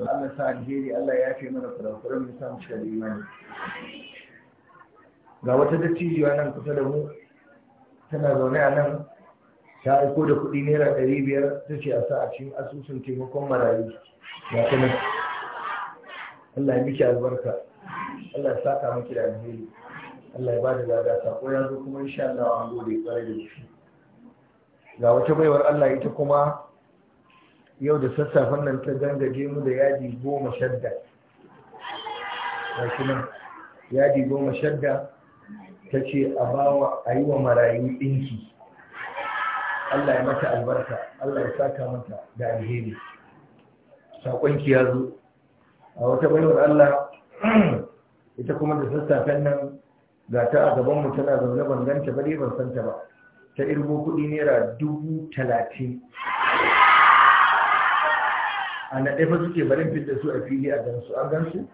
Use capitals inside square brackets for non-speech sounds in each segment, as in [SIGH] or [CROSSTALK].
Allah sa alheri Allah ya fi mana kurakuran mu samu da imani ga wata dattijuwa nan kusa da mu tana zaune a nan ta aiko da kuɗi naira ɗari biyar ta ce a sa cikin asusun taimakon marayu ga ta nan Allah ya miki albarka Allah ya saka miki da alheri Allah ya bada lada sako ya zo kuma insha Allah an gode kwarai da shi ga wata baiwar Allah ita kuma yau da sassafen nan ta gangaje mu da yadi goma shadda goma shadda ta ce a bawa a yi wa marayu ɗinki Allah ya mata albarka Allah ya saka mata da alheri saƙonki ya zo a wata baiwar Allah [CLEARS THROAT] ita kuma da sassafen nan ga ta a gabanmu tana zaune ban ganta ba dai ban santa ba ta irgo kuɗi naira dubu talatin a na ɗaya suke barin fitar da su a fili a gansu an gansu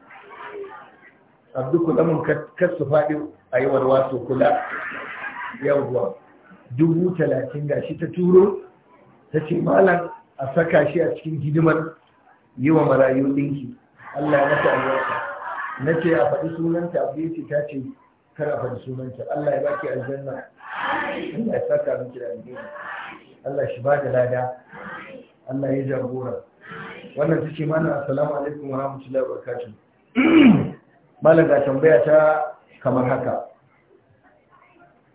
abdu kula mun kasu faɗi a yi warwa su kula yawwa dubu talatin ga shi ta turo ta ce malam a saka shi a cikin hidimar yi wa marayu ɗinki allah ya mata albarka na ce a faɗi sunanta abu ya ce ta ce kar a faɗi sunanta allah ya baki aljanna allah ya saka miki da aljanna allah shi ba da lada allah ya jagora wannan ta ce mana assalamu alaikum wa rahmatullahi wa barakatuh [CLEARS THROAT] malam tambaya ta kamar haka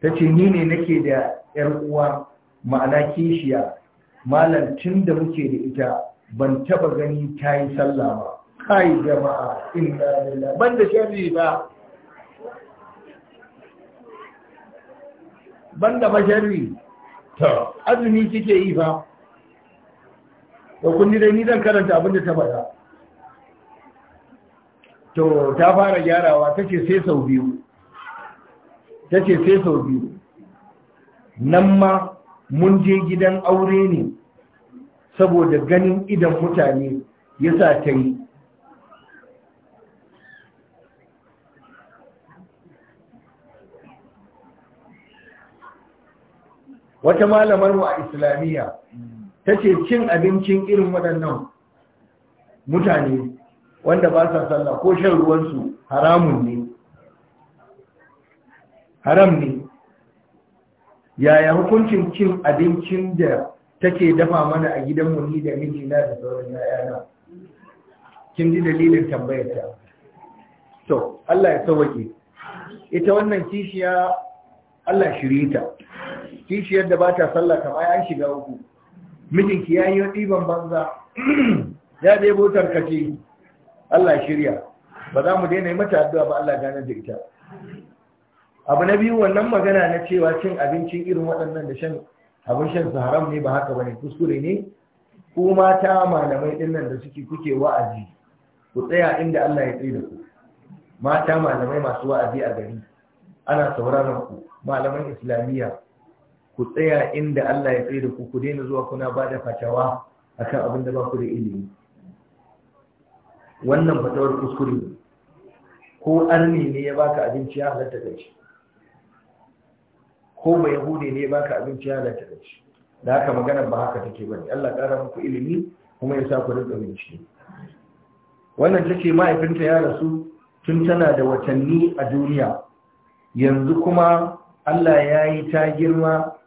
ta ce ni ne nake da yar uwa ma'ana kishiya malam tun da muke da ita ban taba gani ta yi sallah ba kai jama'a inna lillahi ban da shari'i ba ban da basharri ta azumi kike yi fa da kundi dai ni zan karanta abin da ta faɗa to ta fara gyarawa ta ce sai sau biyu ta sai sau biyu nan ma mun je gidan aure ne saboda ganin idan mutane ya sa ta yi wata malamar mu a islamiyya ta ce cin abincin irin waɗannan mutane wanda ba sa sallah ko shan ruwansu haramun ne haram ne yaya hukuncin cin abincin da take dafa mana a gidan ni da mijina da sauran yayana kin ji dalilin tambayar ta to Allah ya sauke ita wannan kishiya Allah shirye ta kishiyar da ba ta sallah kamar an shiga uku mijinki ya yi ɗiban banza [CLEARS THROAT] ya ɗebo tarkace Allah shirya ba za mu daina yi mata addu'a ba Allah ganar da ita abu na biyu wannan magana na cewa cin abincin irin waɗannan da shan abin shan su haram ne ba haka ba ne, kuskure ne ku mata malamai ɗin nan da suke kuke wa'azi ku tsaya inda Allah ya tsaye da ku mata malamai masu wa'azi a gari ana sauraron ku malaman islamiyya ku tsaya inda Allah ya tsaye da ku ku daina zuwa kuna ba da fatawa akan abin da ba ku da ilimi wannan fatawar kuskure ne ko arni ne ya baka abinci ya halatta da shi ko mai yahudi ne ya baka abinci ya halatta da shi da haka magana ba haka take bane Allah ƙara muku ilimi kuma ya sa ku rinka bincike wannan take mahaifinta ya rasu tun tana da watanni a duniya yanzu kuma Allah ya yi ta girma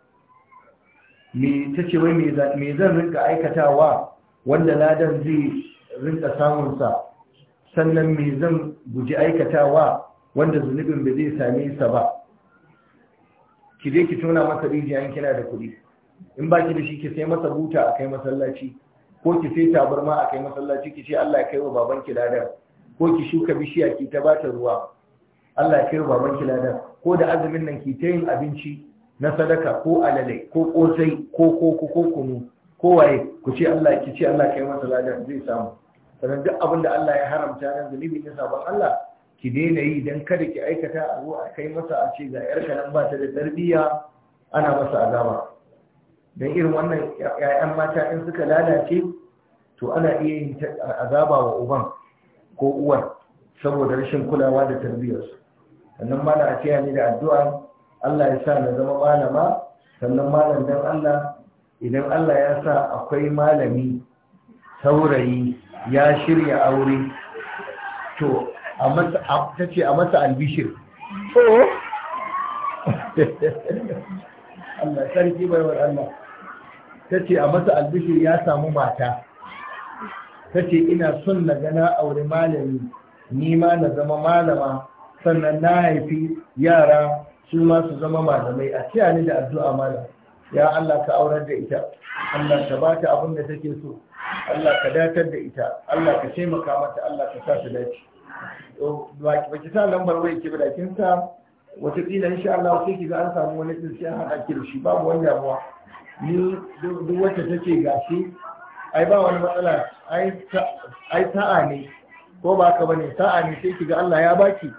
me ce wai me zan rinka aikatawa wanda ladan zai rinka samun sa sannan me zan guji aikatawa wanda zunubin ba zai same sa ba ki je ki tona masa rijiya kina da kuɗi in ba ki da shi ki sai masa buta a kai masallaci ko ki sai tabarma a kai masallaci ki ce Allah ya kai wa babanki ladan ko ki shuka bishiya ki ta bata ruwa Allah ya kai wa babanki ladan ko da azumin nan ki ta yin abinci na sadaka ko alale ko kosai ko koko ko kunu ko waye ku ce Allah ki ce Allah kai masa lada zai samu sanan duk abin da Allah ya haramta nan zunubi ne sabon Allah ki daina yi dan kada ki aikata a a kai masa a ce ga yarka nan ba ta da tarbiya ana masa azaba dan irin wannan 'ya'yan mata in suka lalace to ana iya yin azaba wa uban ko uwar saboda rashin kulawa da tarbiyyarsu sannan ma na a ce ni da addu'a Allah ya sa na zama malama sannan malam dan Allah idan Allah ya sa akwai malami saurayi ya shirya aure to a masa ta ce a masa albishir oh. Allah sarki baiwar Allah ta ce a masa albishir ya samu mata ta ce ina son na gana aure malami ni ma na zama malama sannan na haifi yara su ma su zama malamai a tiya ni da addu'a malam ya Allah ka aurar da ita Allah ka ba ta abin da take so Allah ka datar da ita Allah ka taimaka mata Allah ka sa ta dace ba ki sa lambar wai ki da kin sa wata kila insha Allah sai ki ga an samu wani din sai haɗa ki shi babu wani damuwa ni duk wacce take gashi ai ba wani matsala ai sa'a ne ko ba ka bane sa'a ne sai ki ga Allah ya baki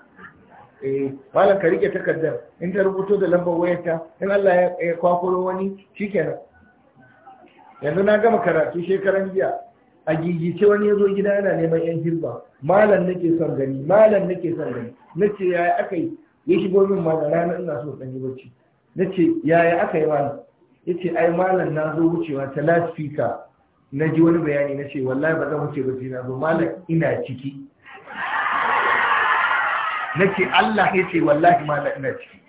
eh malam ka rike takardar in ta rubuto da lambar wayarta in Allah ya kwakuro wani shikenan yanzu na gama karatu shekaran jiya a gigice wani ya zo gida yana neman yan hirba malam nake son gani malam nake son gani nace yaya aka yi ya shigo min ma da rana ina so dan yi bacci nace yaya aka yi malam yace ai malam na zo wucewa ta last speaker na ji wani bayani na ce wallahi ba zan wuce ba sai na zo malam ina ciki ce Allah ya ce wallahi ma ina ciki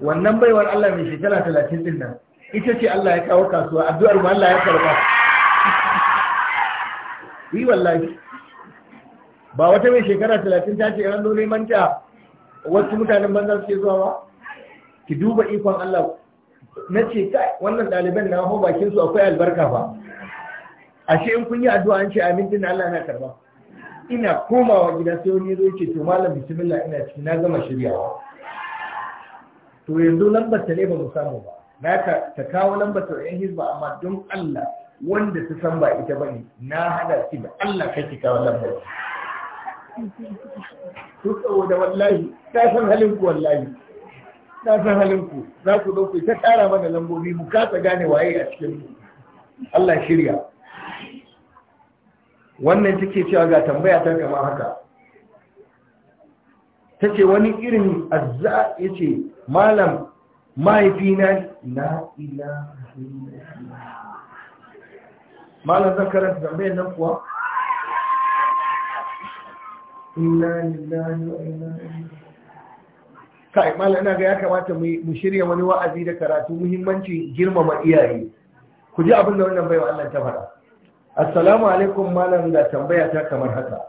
wannan baiwar Allah mai shekara talatin din nan ita ce Allah ya kawo kasuwa addu'ar mu Allah ya karba yi wallahi ba wata mai shekara talatin ta ce yanzu dole manta wasu mutanen banza suke zuwa ba ki duba ikon Allah na ce kai wannan ɗaliban na hau bakin su akwai albarka ba ashe in kun yi addu'a an ce amin din Allah na karba ina komawa gida sai wani zo yake to malam bismillah ina ciki na gama shiryawa to yanzu lambar ta ne ba mu samu ba na ta kawo lambar ta yan hizba amma don Allah wanda ta san ba ita bane na hada ki da Allah kake kawo lambar ku saboda wallahi ta san halin ku wallahi ta san halin za ku dauke ta kara mana lambobi mu kasa gane waye a cikin Allah shirya wannan take cewa ga tambaya ta kama haka ta ce wani irin azza ya ce malam mahaifina na ila malam zan karanta tambayar nan kuwa ina lillahi wa ina kai malam ina ga ya kamata mu shirya wani wa'azi da karatu muhimmanci girmama iyaye ku ji abin da wannan baiwa Allah ta fara. assalamu alaikum malam da tambaya ta kamar haka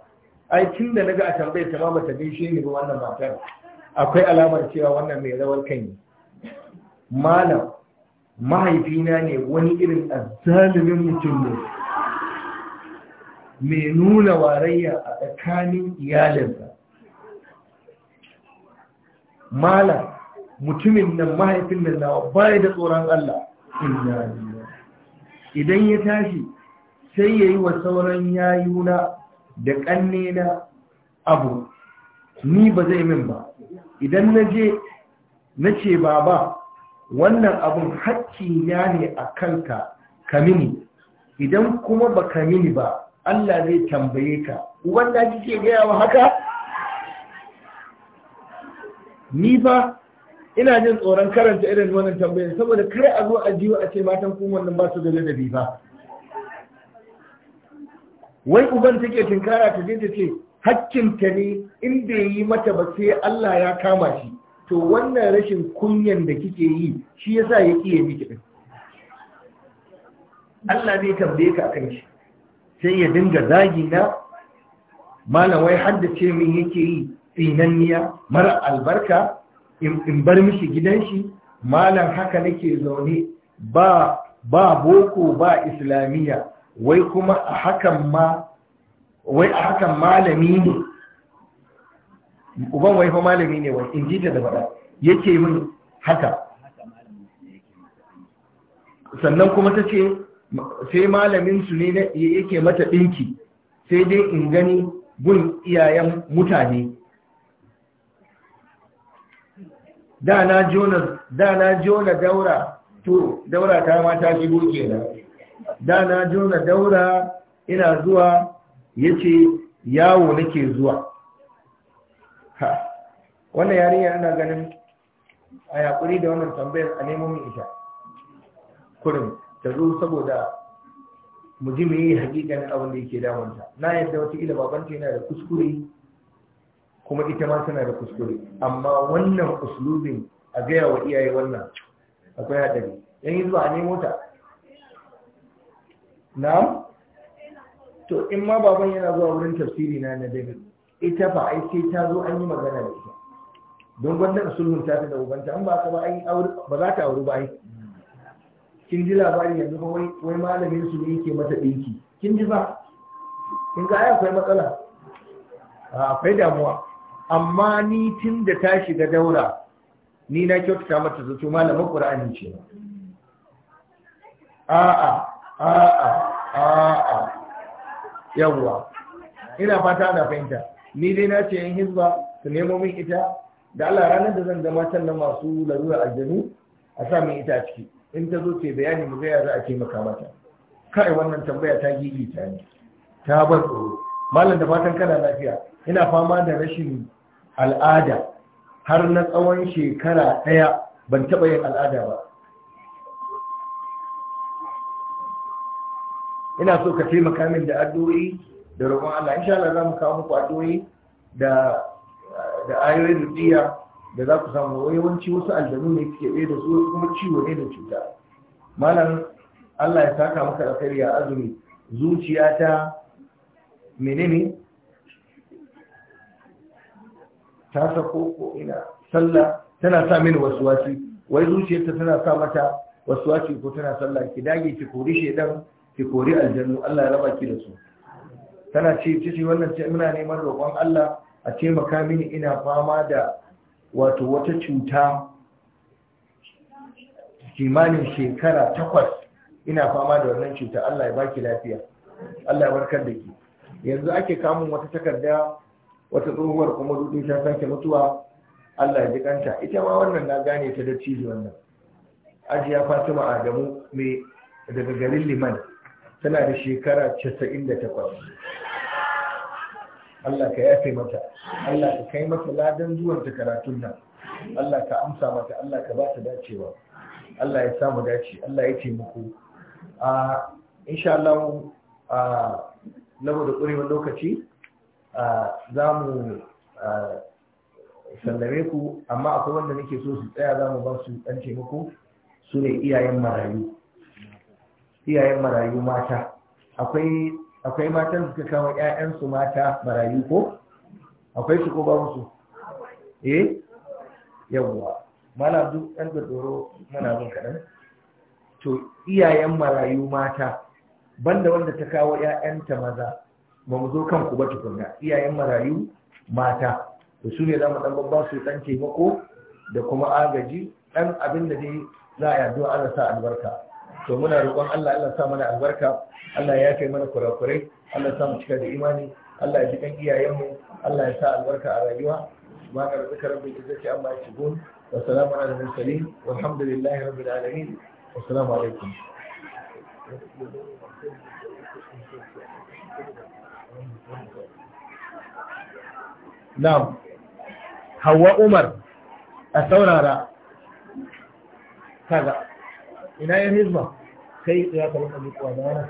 ai tun da naga a tambaya ta ma ba ta gaishe ni wannan matar akwai alamar cewa wannan mai rawar kai ne malam mahaifina ne wani irin azzalumin mutum ne mai nuna warayya a tsakanin iyalinsa malam mutumin nan mahaifin nan nawa baya da tsoron Allah idan ya tashi sai ya yi wa sauran yayuna da na abu ni ba zai min ba idan na je ce baba wannan abun hakki ya ne a kanka ka mini idan kuma ba ka mini ba Allah zai tambaye ka wanda kike gaya wa haka ni ba ina jin tsoron karanta irin wannan tambayar saboda kar a zo a jiwa a ce matan kuma wannan ba su da ladabi ba wai uban take tinkara ta je ta ce hakkinta ne in ya yi mata ba sai Allah ya kama shi to wannan rashin kunyan da kike yi shi yasa ya kiye miki din Allah zai tambaye ka akan shi sai ya dinga zagi na malam wai ce min yake yi tsinanniya mara albarka in bar mishi gidan shi malam haka nake zaune ba ba boko ba islamiyya wai kuma a hakan ma wai a hakan malami ne uban wai fa malami ne wai in ji ta da faɗa yake min haka sannan kuma ta ce sai malamin su ne yake mata ɗinki sai dai in gani gun iyayen mutane da na jona daura to daura ta mata shigo kenan da na jona daura ina zuwa ya ce yawo nake zuwa ha wannan yarinya ana ganin a yaƙuri da wannan tambayar a nemo min ita kurin ta zo saboda mu ji mu yi hakikanin abin da yake damunta na yadda wata ila babanta yana da kuskure kuma ita ma tana da kuskure amma wannan uslubin a gaya wa iyaye wannan akwai haɗari yan yi zuwa a nemo ta na'am to in ma baban yana zuwa wurin tafsiri na na david ita fa ai sai ta zo an yi magana da ita don gwanda sulhun ta ta da ubanta an ba ka ba ai ba za ta auri ba ai kin ji labari yanzu ba wai wai malamin su ne yake mata dinki kin ji ba kin ga ai akwai matsala akwai damuwa amma ni tun da ta shiga daura ni na kyautata mata zuciya malamin qur'ani ce a'a a'a a'a yawwa ina fata ana fahimta ni dai na ce yan hizba su nemo min ita da Allah ranar da zan zama can na masu larura aljanu a sa min ita a ciki in ta zo ce bayani mu gaya za a maka mata kai wannan tambaya ta gigi ta ne ta bar tsoro malam da fatan kana lafiya ina fama da rashin al'ada har na tsawon shekara ɗaya ban taɓa yin al'ada ba ina so ka taimaka min da addu'o'i da roƙon Allah insha Allah za mu kawo muku addu'o'i da da ayoyin rubiya da za ku samu yawanci wasu aljanu ne suke ɗaya da su kuma ciwo ne da cuta malam Allah ya saka maka alkhairi ya azumi zuciyata menene ta sako ko ina sallah tana sa mini waswasi wai zuciyarta tana sa mata waswasi ko tana sallah ki dage ki kori shedan ki kori aljanu Allah ya raba ki da su tana ce wannan ce muna neman roƙon Allah a taimaka mini ina fama da wato wata cuta kimanin shekara takwas ina fama da wannan cuta Allah ya baki lafiya Allah ya warkar da ki yanzu ake kamun wata takarda wata tsohuwar kuma dudu ta sanke mutuwa Allah ya ji kanta ita ma wannan na gane ta da cizo wannan ajiya Fatima Adamu mai daga garin Liman tana da shekara 98 Allah ka yafe mata Allah ka kai mata ladan zuwan ta karatun nan Allah ka amsa mata Allah ka ba ta dacewa Allah ya samu dace Allah ya taimako a insha Allah a da ƙurewar lokaci za mu sallame ku amma akwai wanda nake so su tsaya za mu ba su ɗan taimako su ne iyayen marayu iyayen marayu mata akwai akwai matan suka kama ƴaƴansu mata marayu ko akwai su ko ba su eh yawa mala duk ɗan da tsoro mana bin kaɗan to iyayen marayu mata banda wanda ta kawo ƴaƴanta maza ba mu zo kanku ba tukunna iyayen marayu mata to su ne za mu ɗan babba su ɗan taimako da kuma agaji ɗan abin da dai za a yi addu'a Allah sa albarka to muna roƙon Allah Allah sa mana albarka Allah ya kai mana kurakurai Allah sa mu cika da imani Allah ya ji kan iyayenmu Allah ya sa albarka a rayuwa subhana rabbika rabbil izzati amma yasifun wa salamun alal mursalin walhamdulillahi rabbil alamin wassalamu alaikum Na'am Hawwa Umar a saurara kaga ina yan hizba kai ya ka mu kuwa da wannan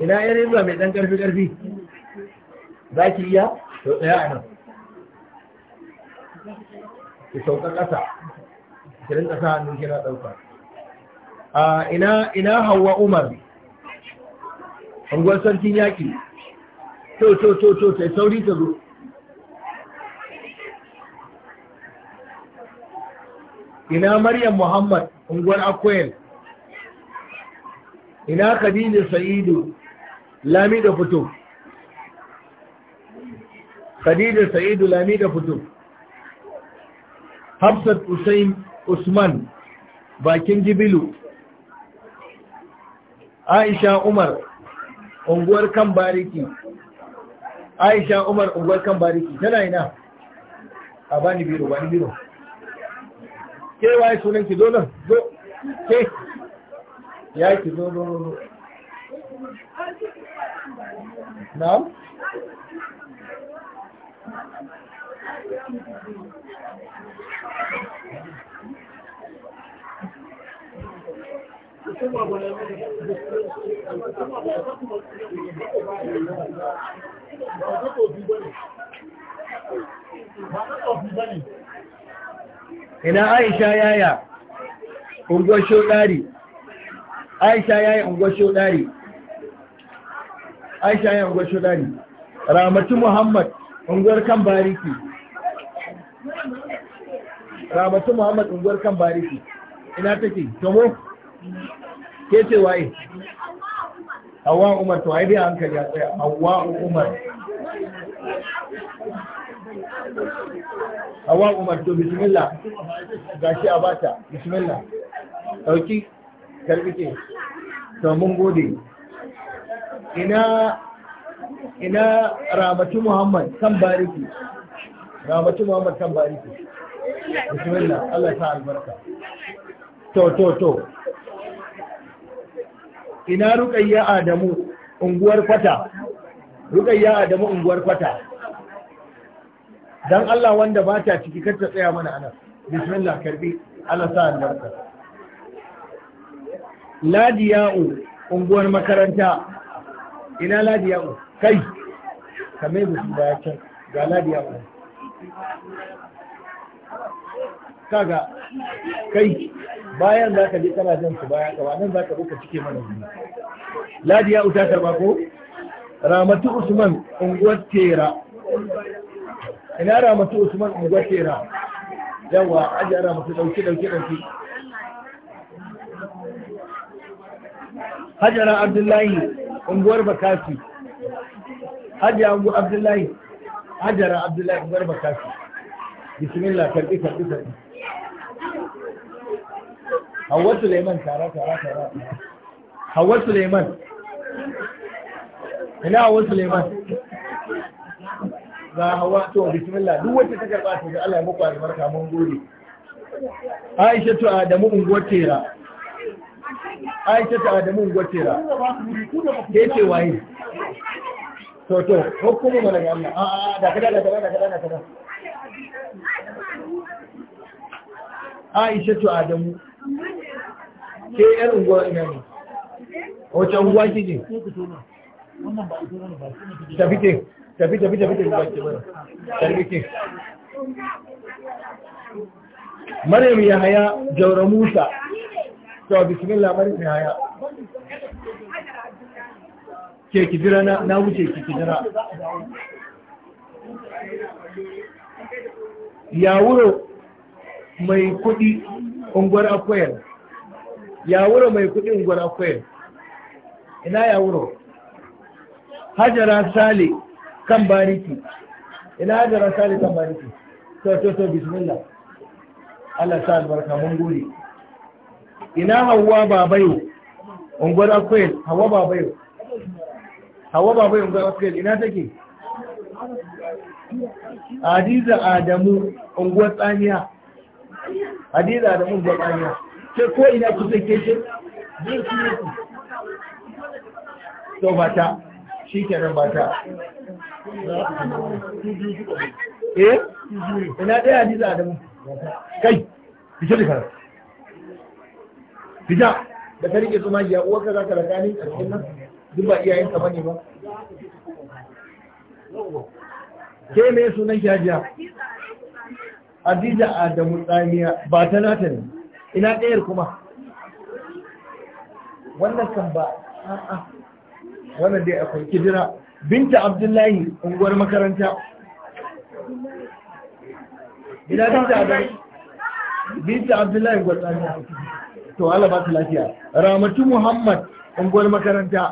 ina yan hizba mai dan karfi karfi za ki iya to daya a nan ki sauka ƙasa ki rinka sa hannu kina ɗauka a ina ina hawa umar unguwar sarkin yaƙi to to to to sai sauri ta zo ina maryam muhammad unguwar akwai ina khadija sa'idu lami da fito khadija sa'idu lami da fito hafsat usain usman bakin jibilu aisha umar unguwar kan bariki aisha umar unguwar kan bariki tana ina a bani biro bani biro ke waye sunan ki zo nan zo ke ya ki zo zo zo na'am na ina aisha yaya unguwar dari aisha yaya unguwar dari aisha yaya unguwar dari ramatu muhammad unguwar kan bariki ramatu muhammad unguwar kan bariki ina take tomo ke ce waye hawa umar to ai dai hankali a tsaya hawa umar hawa umar to bismillah gashi a bata bismillah dauki karbike to mun gode ina ina rabatu muhammad kan bariki rabatu muhammad kan bariki bismillah Allah ta albarka to to to ina ruqayya adamu unguwar kwata ruqayya adamu unguwar kwata dan Allah wanda ba ta ciki kar ta tsaya mana anan bismillah karbi Allah sa albarka ladiya'u unguwar makaranta ina ladiya'u kai kamar da su baya can ga ladiya'u kaga kai bayan za ka je kana jan su baya gaba nan za ka buka cike mana wuri ladiya'u ta karba ko ramatu usman unguwar tera ina ramatu usman unguwar tera yawa aji ana musu ɗauki ɗauki ɗauki hajjara abdullahi unguwar bakasi hajjara abdullahi hajjara abdullahi unguwar bakasi bismillah karɓi karɓi karɓi hawa suleiman tara tara tara hawa suleiman ina hawa suleiman ga hawa to bismillah duk wacce ta karba ta ga Allah ya muku albarka mun gode Aisha to Adamu unguwar tera Aisha ta Adamu unguwar tera ke ce waye to to hukumu mana ga Allah a a da kada da kada da kada da kada Aisha to Adamu ke yar unguwar ina ne wacce unguwa kike tafi ke tafi tafi tafi tafi baki tafi ke maryam ya haya jaura musa to bismillah maryam ya haya ke ki jira na na wuce ki ki jira ya wuro mai kudi unguwar akwai ya wuro mai kudi unguwar akwai ina ya wuro hajara sale kan bariki ina hajara sale kan bariki to to to bismillah Allah sa albarka mun gode ina hawa babayo unguwar akwai hawa babayo hawa babayo unguwar akwai ina take Hadiza Adamu unguwar tsaniya Hadiza Adamu unguwar tsaniya sai ko ina kusa ke ce to ba ta shi kenan ba ta eh ina ɗaya hadiza adamu kai fice da kara fita da ka rike zuma ya uwarka za ka raka ne a cikin nan duk ba iyayen ka bane ba ke me sunan ki hajiya Hadiza Adamu Tsamiya ba ta nata ne ina ɗayar kuma wannan kan ba a'a wannan dai akwai kidira binta abdullahi unguwar makaranta ina binta abdullahi binta abdullahi unguwar makaranta. to Allah ba su lafiya ramatu muhammad unguwar makaranta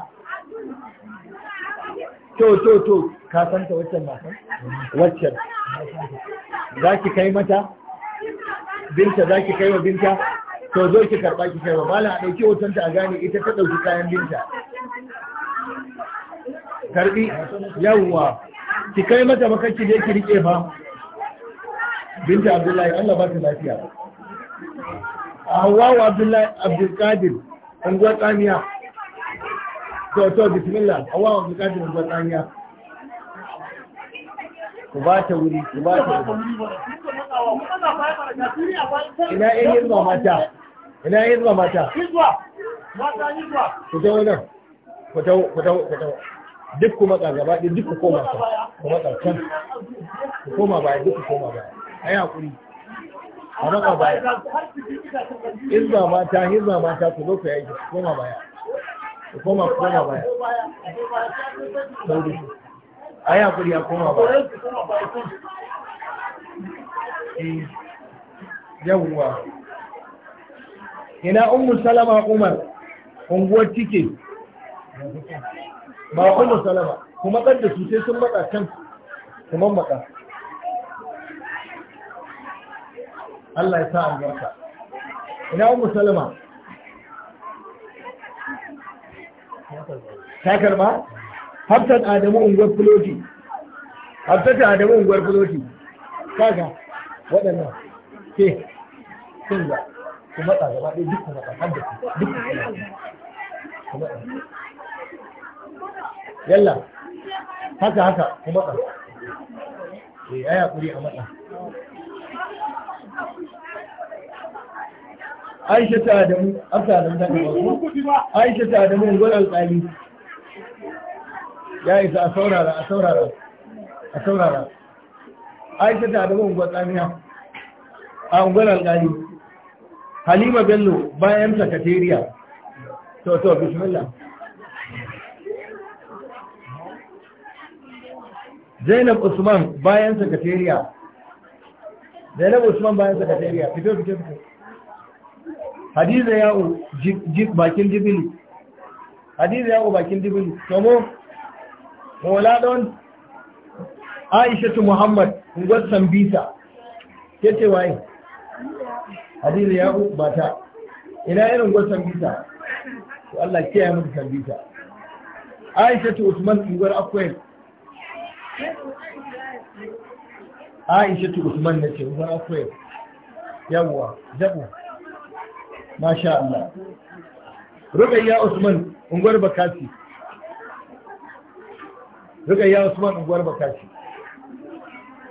to to to ka san ta waccan mata waccan za ki kai mata binta za ki kai wa binta to zo ki karɓa ki kai wa mala a ɗauki hoton ta a gane ita ta ɗauki kayan binta karbi yawwa ki kai mata makarki da ki rike ba binta abdullahi Allah ba ta lafiya a hawawa abdullahi abdulkadir unguwar tsamiya to to bismillah hawawa abdulkadir unguwar tsamiya ku ba ta wuri ku ba ta wuri ina yin yin mata ina yin mata ku ta wunan ku ta ku ta ku ta duk kuma ga gaba ɗin duk ku koma ta ku matsa can ku koma baya duk ku koma baya a yi haƙuri a matsa baya ba mata ba mata ku zo ku yi ku koma baya ku koma ku koma baya a yi haƙuri a koma baya eh, yawwa ina ummu salama umar unguwar tike ba ummu salama kuma kan da su sai sun matsa can kuma matsa Allah ya sa albarka ina ummu salama ta karba hafsat adamu unguwar fuloti hafsat adamu unguwar fuloti kaga waɗannan ke sun ga kuma zama ɗaya duk kuma kan su yalla haka haka ku matsa ya eh, ai hakuri a matsa Aisha ta Adamu, Afsa Adamu ta ku Aisha ta Adamu yanzu alƙali. Ya isa a saurara, a saurara, a saurara. Aisha ta Adamu unguwar tsamiya, a unguwar alƙali. Halima Bello bayan sakatariya. To, to, bismillah. zainab usman bayan sakatariya zainab usman bayan sakatariya fito fito fito hadiza yawo bakin dibili hadiza yawo bakin dibili tomo don tu muhammad ungwar sambisa ke ce waye hadiza yawo ba ta ina irin gwar sambisa to allah kiyaye mutu sambisa tu usman ungwar akwai aisha tu usman na ce usman akwai yawwa zabu masha Allah ya usman unguwar bakasi ya usman unguwar bakasi